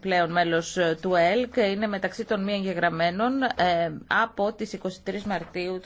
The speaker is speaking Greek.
πλέον μέλος ε, του ΕΛΚ, είναι μεταξύ των μη εγγεγραμμένων ε, από τις 23 Μαρτίου